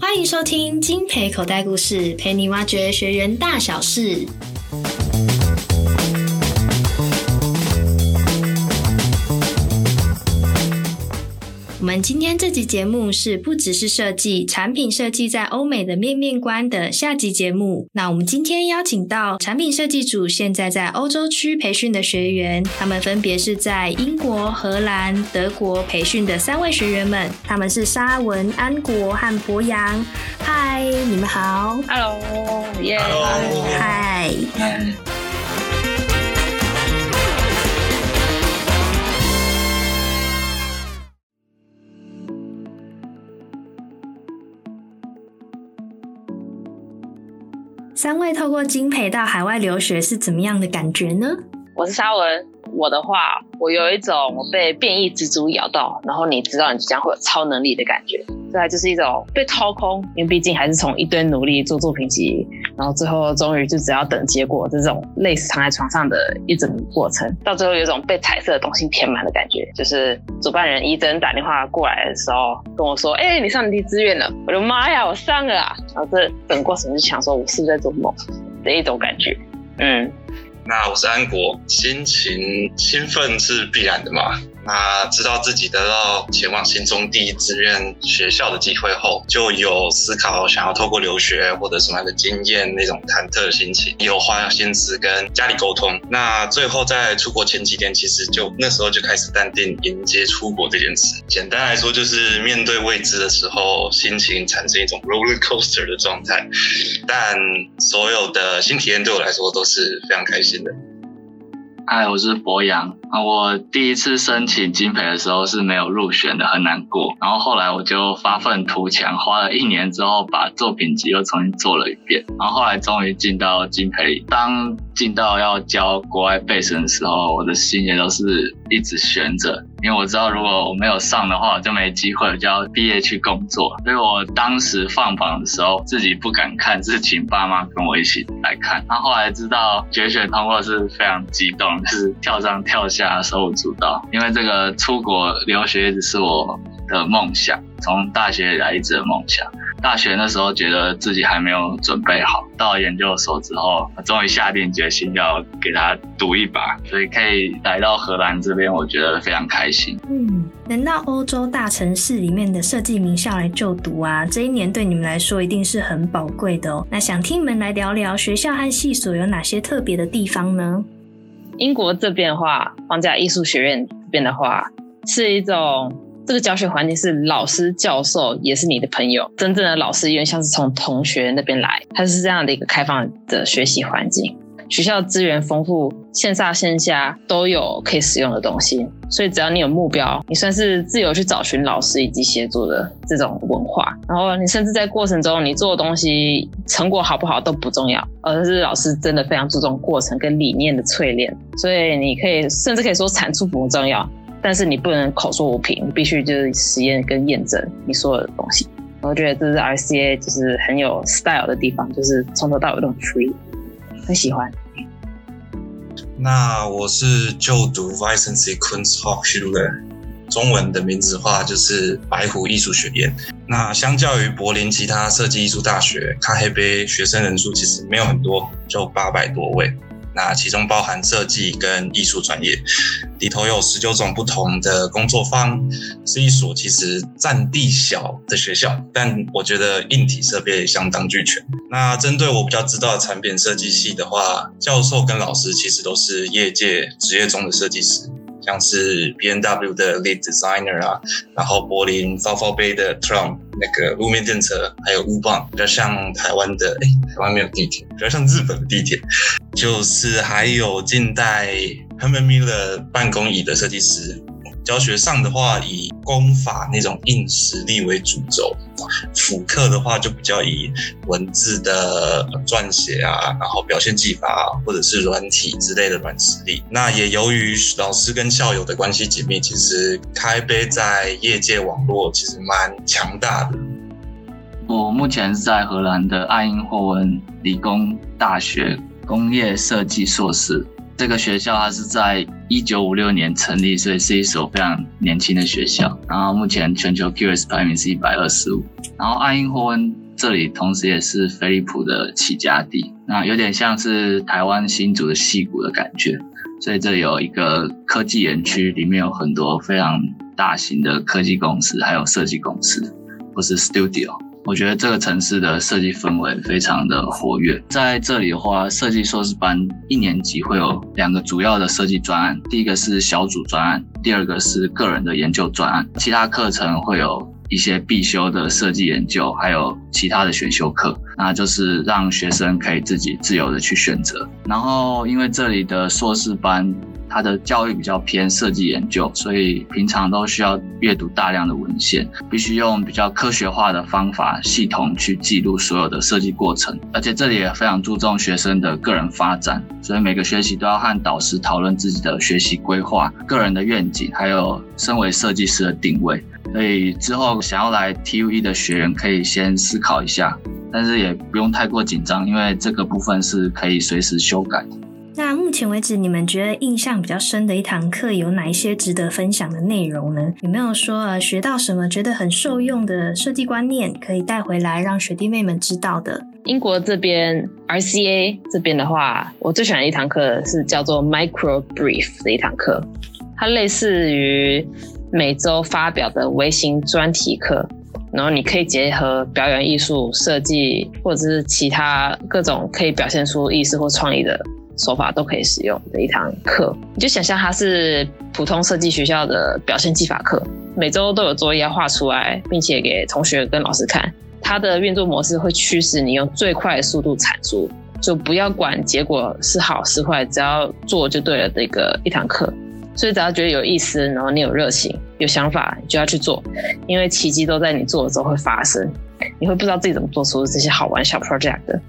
歡迎收聽《菁培口袋故事》，陪你挖掘學員大小事。我們今天這集節目是不只是設計，產品設計在歐美的面面觀的下集節目。那我們今天邀請到產品設計組現在在歐洲區培訓的學員，他們分別是在英國、荷蘭、德國培訓的三位學員們，他們是莎玟、安國和博揚。嗨，你們好。Hello，yeah，Hi。三位透過菁培到海外留學是怎麼樣的感覺呢？我是莎玟，我的話，我有一種我被變異蜘蛛咬到，然後你知道你即將會有超能力的感覺，對啊，就是一種被掏空，因為畢竟還是從一堆努力做作品集。然後最後終於就只要等結果，這種累死躺在床上的一整個過程，到最後有一種被彩色的東西填滿的感覺。就是主辦人一真打電話過來的時候跟我說：“哎、欸，你上第一志願了！”我的媽呀，我上了！啊！」然後這整個過程就想說，我是不是在做夢？的一種感覺。嗯，那我是安國，心情興奮是必然的嘛。那知道自己得到前往心中第一志願學校的機會後，就有思考想要透過留學或者什麼樣的經驗那種忐忑的心情，也有花心思跟家裡溝通。那最後在出國前幾天，其實就那時候就開始淡定迎接出國這件事。簡單來說，就是面對未知的時候，心情產生一種 roller coaster 的狀態。但所有的新體驗對我來說都是非常開心的。嗨，我是博揚。啊，我第一次申請菁培的時候是沒有入選的，很難過。然後後來我就發憤圖強，花了一年之後把作品集又重新做了一遍。然後後來終於進到菁培裡，當進到要交國外備審的時候，我的心也都是一直懸着。因為我知道，如果我沒有上的話，我就沒機會，我就要畢業去工作。所以我當時放榜的時候，自己不敢看，是請爸媽跟我一起來看。然後後來知道決選通過是非常激動，就是跳上跳下，手舞足蹈。因為這個出國留學一直是我的夢想，從大學以來一直的夢想。大學那時候覺得自己還沒有準備好，到研究所之後，終於下定決心要給他賭一把，所以可以來到荷蘭這邊，我覺得非常開心。嗯，能到歐洲大城市裡面的設計名校來就讀啊，這一年對你們來說一定是很寶貴的哦。那想聽你們來聊聊學校和系所有哪些特別的地方呢？英國這邊的話，皇家藝術學院這邊的話，是一種。這個教學環境是老師、教授也是你的朋友，真正的老師因為像是從同學那邊來，它是這樣的一個開放的學習環境。學校資源豐富，線上線下都有可以使用的東西，所以只要你有目標，你算是自由去找尋老師以及協助的這種文化。然後你甚至在過程中，你做的東西成果好不好都不重要，而是老師真的非常注重過程跟理念的淬煉，所以你可以甚至可以說產出不重要。但是你不能口說無憑，你必須就是實驗跟驗證你所有的東西。我覺得這是 RCA 就是很有 style 的地方，就是從頭到尾都很 free，很喜歡。那我是就讀 Weißensee Kunsthochschule，中文的名字的話就是白湖藝術學院。那相較於柏林其他設計藝術大學，它黑杯學生人數其實沒有很多，就八百多位。那其中包含設計跟藝術專業，裡頭有十九種不同的工作坊，是一所其實占地小的學校，但我覺得硬體設備相當俱全。那針對我比較知道的產品設計系的話，教授跟老師其實都是業界職業中的設計師。像是 BMW 的 Lead Designer 啊，然後柏林 Bauhaus 的 Tram 那個路面電車，還有 U-Bahn，比較像台灣的，哎，台灣沒有地鐵，比較像日本的地鐵，就是還有近代 Herman Miller 辦公椅的設計師。教學上的話，以工法那種硬實力為主軸；輔課的話，就比較以文字的撰寫啊，然後表現技法啊，或者是軟體之類的軟實力。那也由於老師跟校友的關係緊密，其實開杯在業界網絡其實蠻強大的。我目前是在荷蘭的愛因霍溫理工大學工業設計碩士。這個學校它是在一九五六年成立，所以是一所非常年輕的學校。然後目前全球 QS 排名是一百二十五。然後愛因霍溫這裡同時也是飛利浦的起家地，那有點像是台灣新竹的矽谷的感覺。所以這裡有一個科技園區，裡面有很多非常大型的科技公司，還有設計公司或是 studio。我覺得這個城市的設計氛圍非常的活躍，在這裡的話，設計碩士班一年級會有兩個主要的設計專案，第一個是小組專案，第二個是個人的研究專案。其他課程會有一些必修的設計研究，還有其他的選修課，那就是讓學生可以自己自由的去選擇。然後因為這裡的碩士班。它的教育比較偏設計研究，所以平常都需要閱讀大量的文獻，必須用比較科學化的方法系統去記錄所有的設計過程。而且這裡也非常注重學生的個人發展，所以每個學期都要和導師討論自己的學習規劃、個人的願景，還有身為設計師的定位。所以之後想要來 TUE 的學員可以先思考一下，但是也不用太過緊張，因為這個部分是可以隨時修改的。目前為止，你們覺得印象比較深的一堂課有哪一些值得分享的內容呢？有沒有說呃學到什麼覺得很受用的設計觀念，可以帶回來讓學弟妹們知道的？英國這邊 RCA 這邊的話，我最喜歡的一堂課是叫做 Micro Brief 的一堂課，它類似於每周發表的微型專題課，然後你可以結合表演藝術、設計或者是其他各種可以表現出意識或創意的。手法都可以使用的一堂課，你就想象它是普通設計學校的表現技法課，每週都有作業要畫出來，並且給同學跟老師看。它的運作模式會驅使你用最快的速度產出，就不要管結果是好是壞，只要做就對了。這個一堂課，所以只要覺得有意思，然後你有熱情、有想法，就要去做，因為奇蹟都在你做的時候會發生。你會不知道自己怎麼做出這些好玩小 project 的。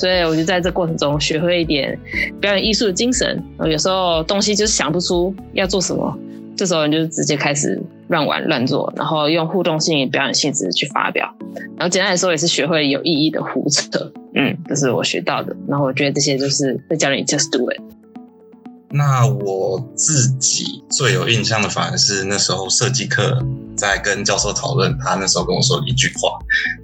所以我就在這過程中學會一點表演藝術的精神。有時候東西就是想不出要做什麼，這時候你就直接開始亂玩亂做，然後用互動性、表演性質去發表。然後簡單來說，也是學會有意義的胡扯。嗯，這是我學到的。然後我覺得這些就是在教你 just do it。那我自己最有印象的，反而是那時候設計課在跟教授討論，他那時候跟我說一句話，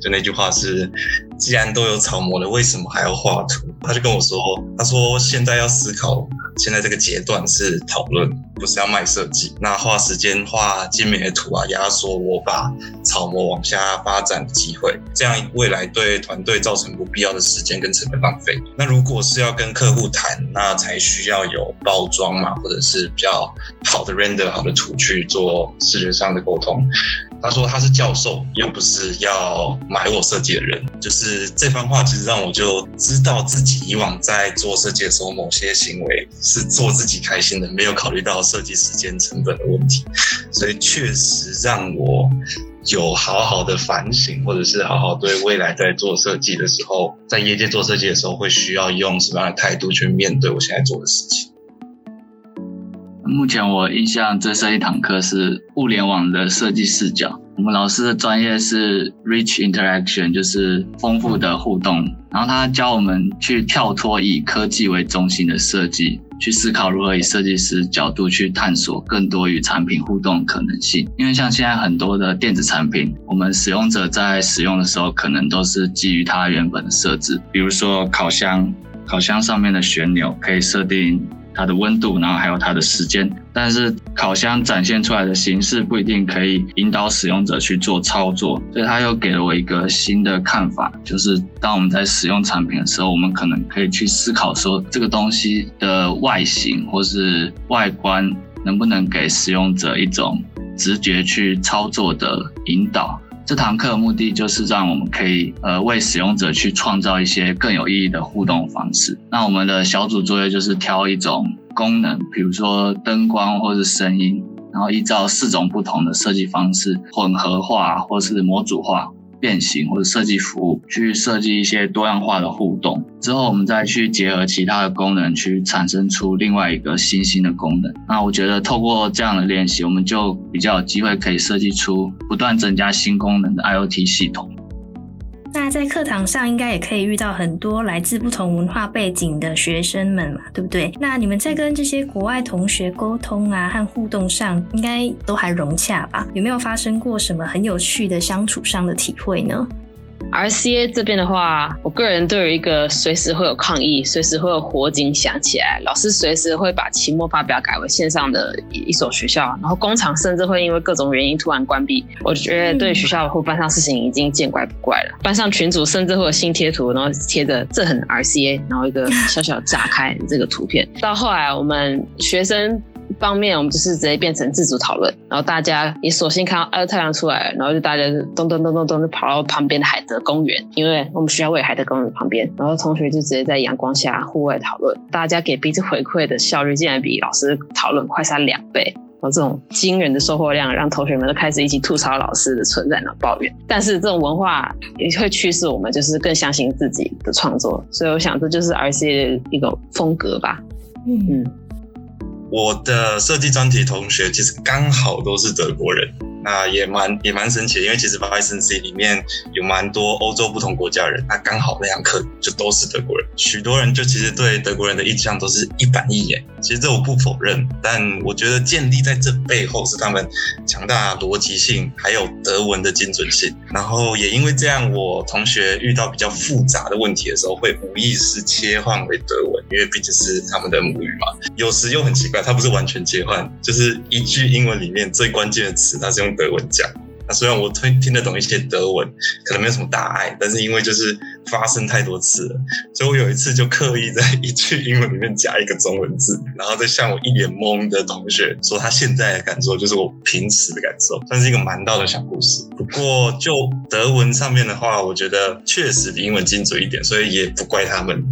就那句話是：既然都有草模了，為什麼還要畫圖？他就跟我說，他說現在要思考，現在這個階段是討論，不是要賣設計。那花時間畫精美的圖啊，壓縮我把草模往下發展的機會，這樣未來對團隊造成不必要的時間跟成本浪費。那如果是要跟客戶談，那才需要有包裝嘛，或者是比較好的 render 好的圖去做視覺上的溝通。他說他是教授，又不是要買我設計的人。就是這番話其實讓我就知道自己以往在做設計的時候某些行為是做自己開心的，沒有考慮到設計時間成本的問題，所以確實讓我有好好的反省，或者是好好對未來在做設計的時候，在業界做設計的時候會需要用什麼樣的態度去面對我現在做的事情。目前我印象最深一堂課是物聯網的設計視角。我們老師的專業是 rich interaction，就是豐富的互動。然後他教我們去跳脫以科技為中心的設計，去思考如何以設計師角度去探索更多與產品互動的可能性。因為像現在很多的電子產品，我們使用者在使用的時候，可能都是基於它原本的設置。比如說，烤箱，烤箱上面的旋鈕可以設定它的溫度，然後還有它的時間，但是烤箱展現出來的形式不一定可以引導使用者去做操作，所以它又給了我一個新的看法，就是當我們在使用產品的時候，我們可能可以去思考說，這個東西的外形或是外觀能不能給使用者一種直覺去操作的引導。這堂課的目的就是讓我們可以呃為使用者去創造一些更有意義的互動方式。那我們的小組作業就是挑一種功能，比如說燈光或者聲音，然後依照四種不同的設計方式，混合化或是模組化。變形或者設計服務，去設計一些多樣化的互動，之後我們再去結合其他的功能，去產生出另外一個新興的功能。那我覺得，透過這樣的練習，我們就比較有機會可以設計出不斷增加新功能的 IoT 系統。那在課堂上應該也可以遇到很多來自不同文化背景的學生們嘛，對不對？那你們在跟這些國外同學溝通啊和互動上，應該都還融洽吧？有沒有發生過什麼很有趣的相處上的體會呢？RCA 這邊的話，我個人對於一個隨時會有抗議，隨時會有火警響起來，老師隨時會把期末發表改為線上的一所學校，然後工廠甚至會因為各種原因突然關閉。我覺得對學校或班上事情已經見怪不怪了。嗯、班上群組甚至會有新貼圖，然後貼着“這很 RCA”，然後一個小小的炸開這個圖片。到後來，我們學生。一方面，我們就是直接變成自主討論，然後大家也索性看到、啊、太陽出來了，然後就大家咚咚咚咚咚就跑到旁邊的海德公園，因為我們學校位於海德公園旁邊，然後同學就直接在陽光下戶外討論，大家給彼此回饋的效率竟然比老師討論快三兩倍，然後這種驚人的收穫量讓同學們都開始一起吐槽老師的存在然後抱怨。但是這種文化也會驅使我們就是更相信自己的創作，所以我想這就是 RCA 的一種風格吧。嗯。嗯我的設計專題同學，其實剛好都是德國人。那、啊、也蠻也蠻神奇的，因為其實 Weißensee 裡面有蠻多歐洲不同國家的人，那剛好那堂課就都是德國人，許多人就其實對德國人的印象都是一板一眼，其實這我不否認，但我覺得建立在這背後是他們強大邏輯性，還有德文的精準性。然後也因為這樣，我同學遇到比較複雜的問題的時候，會無意識切換為德文，因為畢竟是他們的母語嘛。有時又很奇怪，他不是完全切換，就是一句英文裡面最關鍵的詞，它是用。德文講，那、啊、雖然我聽得懂一些德文，可能沒有什麼大礙，但是因為就是發生太多次了，所以我有一次就刻意在一句英文裡面加一個中文字，然後再向我一臉懵的同學說他現在的感受就是我平時的感受，算是一個蠻逗的小故事。不過就德文上面的話，我覺得確實比英文精準一點，所以也不怪他們。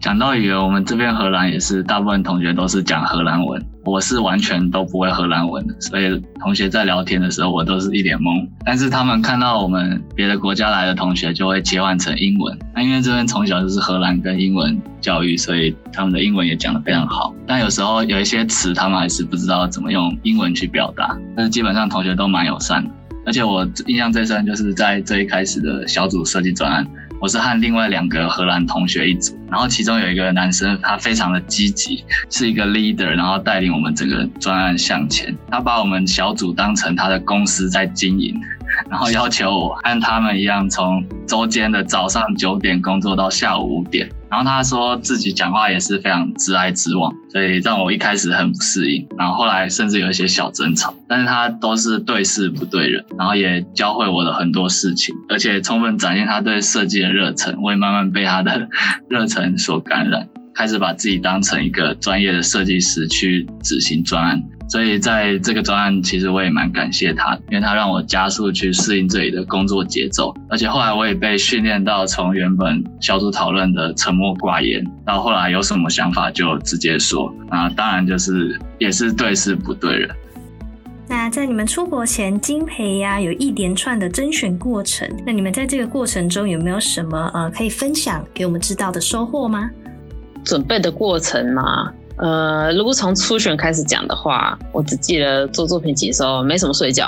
講到語言，我們這邊荷蘭也是，大部分同學都是講荷蘭文，我是完全都不會荷蘭文的，所以同學在聊天的時候，我都是一臉懵。但是他們看到我們別的國家來的同學，就會切換成英文。那因為這邊從小就是荷蘭跟英文教育，所以他們的英文也講得非常好。但有時候有一些詞，他們還是不知道怎麼用英文去表達。但是基本上同學都蠻友善的，而且我印象最深就是在最一開始的小組設計專案。我是和另外兩個荷蘭同學一組，然後其中有一個男生，他非常的積極，是一個 leader，然後帶領我們整個專案向前。他把我們小組當成他的公司在經營，然後要求我和他們一樣，從周間的早上九點工作到下午五點。然後他說自己講話也是非常直來直往，所以讓我一開始很不適應。然後後來甚至有一些小爭吵，但是他都是對事不對人，然後也教會我的很多事情，而且充分展現他對設計的熱忱。我也慢慢被他的熱忱所感染，開始把自己當成一個專業的設計師去執行專案。所以在這個專案，其實我也蠻感謝他，因為他讓我加速去適應這裡的工作節奏。而且後來我也被訓練到，從原本小組討論的沉默寡言，到後來有什麼想法就直接說。那當然就是也是對事不對人。那在你們出國前菁培呀，有一連串的甄選過程。那你們在這個過程中有沒有什麼呃可以分享給我們知道的收穫嗎？準備的過程嘛、啊。呃，如果從初選開始講的話，我只記得做作品集的時候沒什麼睡覺，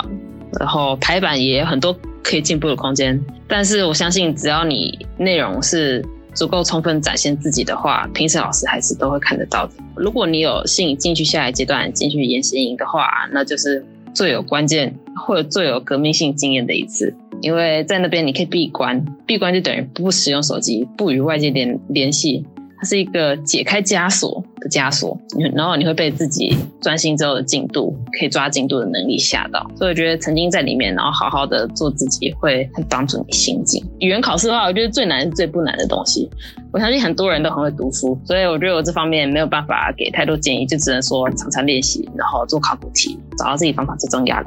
然後排版也有很多可以進步的空間。但是我相信，只要你內容是足夠充分展現自己的話，評審老師還是都會看得到的。如果你有幸進去下一階段，進去研習營的話，那就是最有關鍵，或者最有革命性經驗的一次，因為在那邊你可以閉關，閉關就等於不使用手機，不與外界聯聯繫，它是一個解開枷鎖。枷鎖，然後你會被自己專心之後的進度，可以抓進度的能力嚇到，所以我覺得曾經在裡面，然後好好的做自己會很幫助你心境。語言考試的話，我覺得最難是最不難的東西，我相信很多人都很會讀書，所以我覺得我這方面沒有辦法給太多建議，就只能說常常練習，然後做考古題，找到自己方法最重要啦。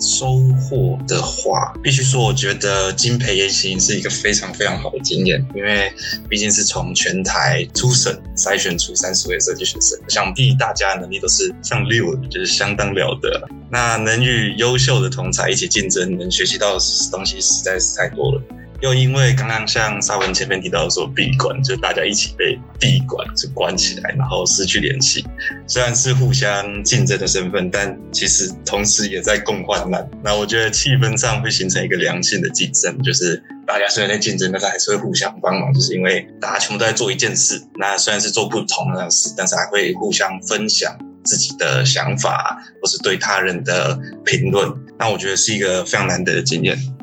收穫的話，必須說，我覺得菁培研習營是一個非常非常好的經驗，因為畢竟是從全台初審篩選出三十位設計學生，想必大家的能力都是上六，就是相當了得。那能與優秀的同儕一起競爭，能學習到的東西實在是太多了。又因為剛剛像莎玟前面提到說閉關，就是、大家一起被閉關，就關起來，然後失去聯繫。雖然是互相競爭的身份，但其實同時也在共患難。那我覺得氣氛上會形成一個良性的競爭，就是大家雖然在競爭，但是還是會互相幫忙，就是因為大家全部都在做一件事。那雖然是做不同的事，但是還會互相分享自己的想法或是對他人的評論。那我覺得是一個非常難得的經驗。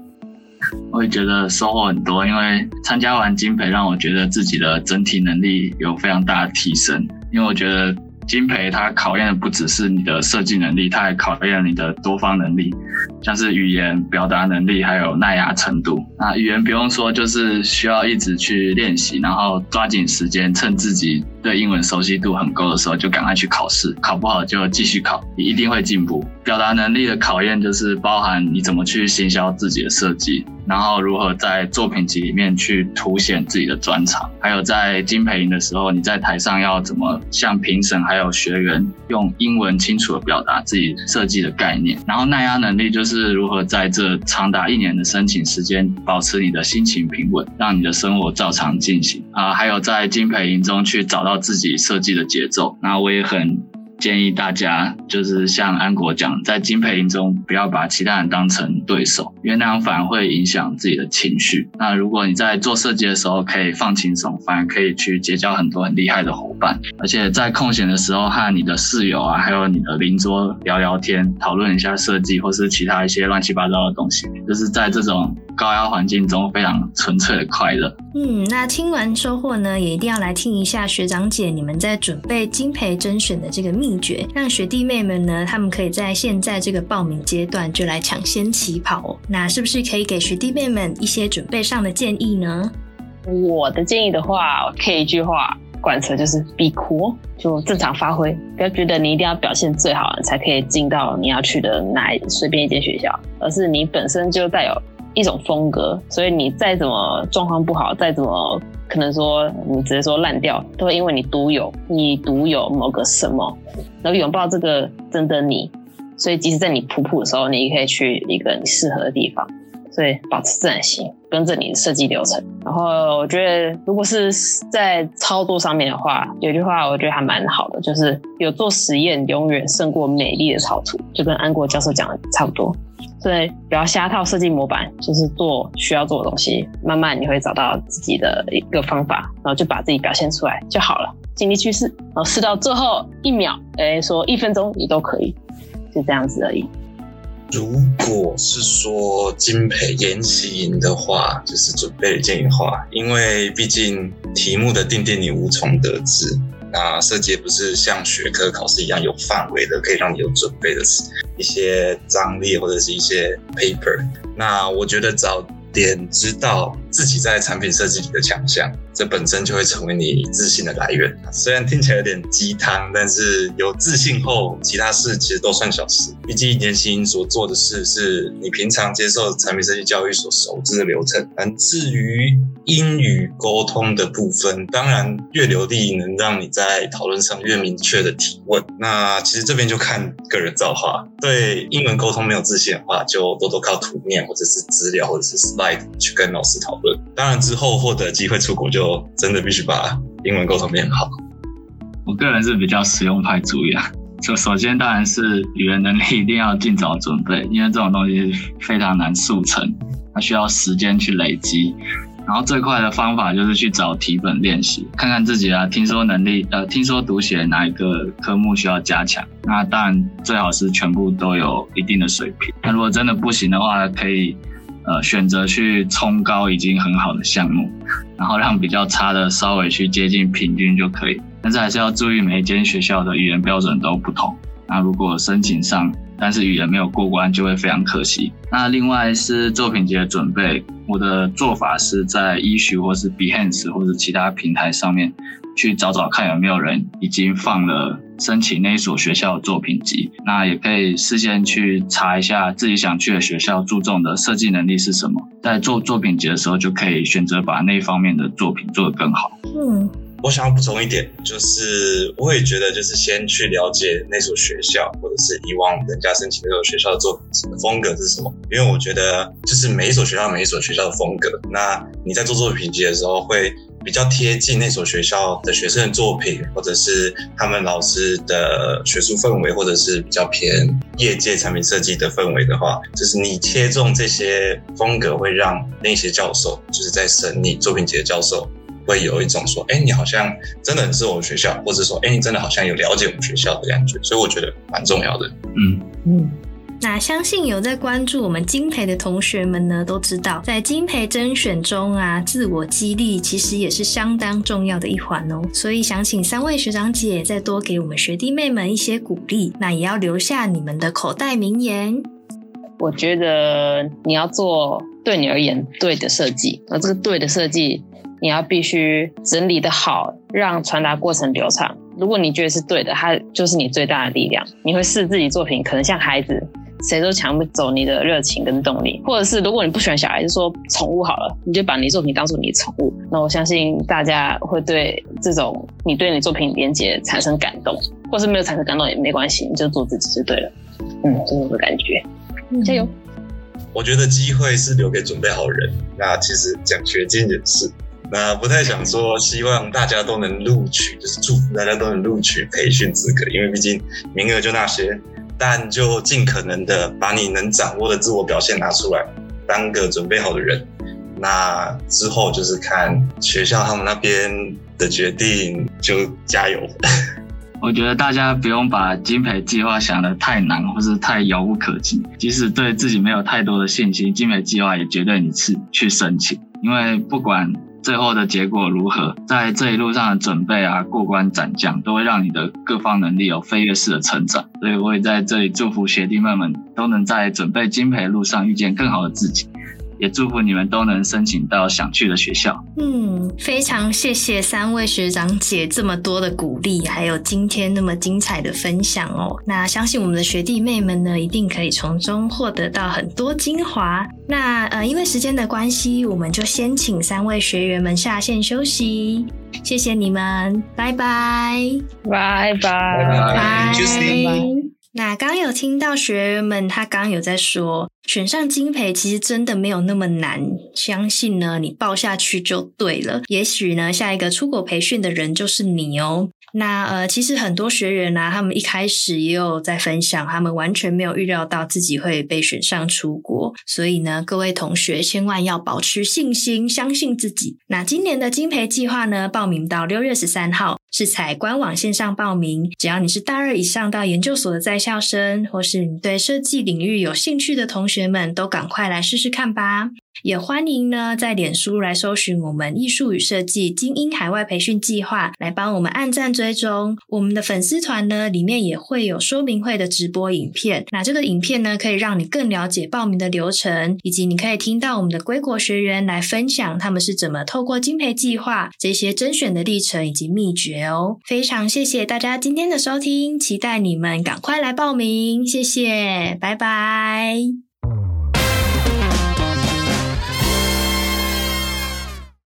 我也覺得收穫很多，因為參加完菁培，讓我覺得自己的整體能力有非常大的提升。因為我覺得菁培它考驗的不只是你的設計能力，它還考驗你的多方能力，像是語言表達能力，還有耐壓程度。那語言不用說，就是需要一直去練習，然後抓緊時間，趁自己對英文熟悉度很夠的時候就趕快去考試，考不好就繼續考，你一定會進步。表達能力的考驗就是包含你怎麼去行銷自己的設計。然後如何在作品集裡面去凸顯自己的專長，還有在菁培營的時候，你在台上要怎麼向評審還有學員用英文清楚地表達自己設計的概念？然後耐壓能力就是如何在這長達一年的申請時間保持你的心情平穩，讓你的生活照常進行啊。還有在菁培營中去找到自己設計的節奏。那我也很。建議大家就是像安國講，在菁培營中不要把其他人當成對手，因為那樣反而會影響自己的情緒。那如果你在做設計的時候可以放輕鬆，反而可以去結交很多很厲害的夥伴。而且在空閒的時候和你的室友啊，還有你的鄰桌聊聊天，討論一下設計或是其他一些亂七八糟的東西，就是在這種高壓環境中非常純粹的快樂。嗯，那聽完收穫呢，也一定要來聽一下學長姐你們在準備菁培甄選的這個秘。讓學弟妹們呢，他們可以在現在這個報名階段就來搶先起跑。那是不是可以給學弟妹們一些準備上的建議呢？我的建議的話，可以一句話貫徹，觀察就是 be cool，就正常發揮，不要覺得你一定要表現最好才可以進到你要去的哪一、隨便一間學校，而是你本身就帶有一種風格，所以你再怎麼狀況不好，再怎麼。可能說你直接說爛掉，都會因為你獨有，你獨有某個什麼，然後擁抱這個真的你，所以即使在你普普的時候，你也可以去一個你適合的地方，所以保持自然性，跟着你的設計流程。然後我覺得如果是在操作上面的話，有句話我覺得還蠻好的，就是有做實驗永遠勝過美麗的草圖，就跟安國教授講的差不多。對，不要瞎套設計模板，就是做需要做的東西。慢慢你會找到自己的一個方法，然後就把自己表現出來就好了。盡力去試，然後試到最後一秒，哎，說一分鐘你都可以，就這樣子而已。如果是說菁培研習營的話，就是準備這一話，因為畢竟題目的訂定你無從得知。那設計不是像學科考試一樣有範圍的，可以讓你有準備的，一些張力或者是一些 paper。那我覺得早點知道自己在產品設計裡的強項。這本身就會成為你自信的來源，雖然聽起來有點雞湯，但是有自信後，其他事其實都算小事。畢竟年輕所做的事是你平常接受產品設計教育所熟知的流程。但至於英語溝通的部分，當然越流利能讓你在討論上越明確的提問。那其實這邊就看個人造化。對英文溝通沒有自信的話，就多多靠圖面或者是資料或者是 slide 去跟老師討論。當然，之後獲得機會出國，就真的必須把英文溝通變好。我個人是比較實用派主義啊，首先當然是語言能力一定要儘早準備，因為這種東西非常難速成，它需要時間去累積。然後最快的方法就是去找題本練習，看看自己啊，聽說能力，呃，聽說讀寫哪一個科目需要加強。那當然最好是全部都有一定的水平。那如果真的不行的話，可以。呃，選擇去衝高已經很好的項目，然後讓比較差的稍微去接近平均就可以。但是還是要注意，每一間學校的語言標準都不同。那如果申請上，但是語言沒有過關，就會非常可惜。那另外是作品集的準備，我的做法是在 Issuu 或是 Behance 或者其他平台上面去找找看有沒有人已經放了。申請那一所學校的作品集，那也可以事先去查一下自己想去的學校注重的設計能力是什麼，在做作品集的時候就可以選擇把那一方面的作品做得更好。嗯，我想要補充一點，就是我也覺得就是先去了解那所學校，或者是以往人家申請那所學校的作品集的風格是什麼，因為我覺得就是每一所學校，每一所學校的風格，那你在做作品集的時候會。比較貼近那所學校的學生的作品，或者是他們老師的學術氛圍，或者是比較偏業界產品設計的氛圍的話，就是你切中這些風格，會讓那些教授，就是在審你作品集的教授，會有一種說，哎、欸，你好像真的很適合我們學校，或者說，哎、欸，你真的好像有了解我們學校的感覺，所以我覺得蠻重要的。嗯嗯。那相信有在關注我們菁培的同學們呢，都知道在菁培甄選中啊，自我激勵其實也是相當重要的一環哦。所以想請三位學長姐再多給我們學弟妹們一些鼓勵，那也要留下你們的口袋名言。我覺得你要做對你而言對的設計，而這個對的設計你要必須整理得好，讓傳達過程流暢。如果你覺得是對的，它就是你最大的力量。你會視自己作品，可能像孩子。誰都搶不走你的熱情跟動力，或者是如果你不喜歡小孩，就說寵物好了，你就把你作品當做你的寵物。那我相信大家會對這種你對你作品連接產生感動，或是沒有產生感動也沒關係，你就做自己就對了。嗯，就是這個感覺，嗯。加油！我覺得機會是留給準備好人，那其實獎學金也是。那不太想說，希望大家都能錄取，就是祝福大家都能錄取培訓資格，因為畢竟名額就那些。但就盡可能的把你能掌握的自我表現拿出來，當個準備好的人。那之後就是看學校他們那邊的決定，就加油。我覺得大家不用把菁培計畫想得太難，或是太遙不可及。即使對自己沒有太多的信心，菁培計畫也絕對你是去申請，因為不管。最後的結果如何，在這一路上的準備啊，過關斬將，都會讓你的各方能力有飛躍式的成長。所以，我也在這裡祝福學弟妹們都能在準備菁培路上遇見更好的自己。也祝福你們都能申請到想去的學校。嗯，非常謝謝三位學長姐這麼多的鼓勵，還有今天那麼精彩的分享哦。那相信我們的學弟妹們呢，一定可以從中獲得到很多精華。那呃，因為時間的關係，我們就先請三位學員們下線休息。謝謝你們，拜拜，拜拜，拜拜。那剛有聽到學員們，他剛有在說，選上菁培其實真的沒有那麼難，相信呢，你報下去就對了。也許呢，下一個出國培訓的人就是你哦。那呃，其實很多學員啊，他們一開始也有在分享，他們完全沒有預料到自己會被選上出國，所以呢，各位同學千萬要保持信心，相信自己。那今年的菁培計劃呢，報名到六月十三號。是採官網線上報名，只要你是大二以上到研究所的在校生，或是你對設計領域有興趣的同學們，都趕快來試試看吧。也歡迎呢，在臉書來搜尋我們“藝術與設計精英海外培訓計劃”，來幫我們按讚追蹤。我們的粉絲團呢，裡面也會有說明會的直播影片。那這個影片呢，可以讓你更了解報名的流程，以及你可以聽到我們的歸國學員來分享他們是怎麼透過菁培計劃這些甄選的歷程以及秘訣哦。非常謝謝大家今天的收聽，期待你們趕快來報名，謝謝，拜拜。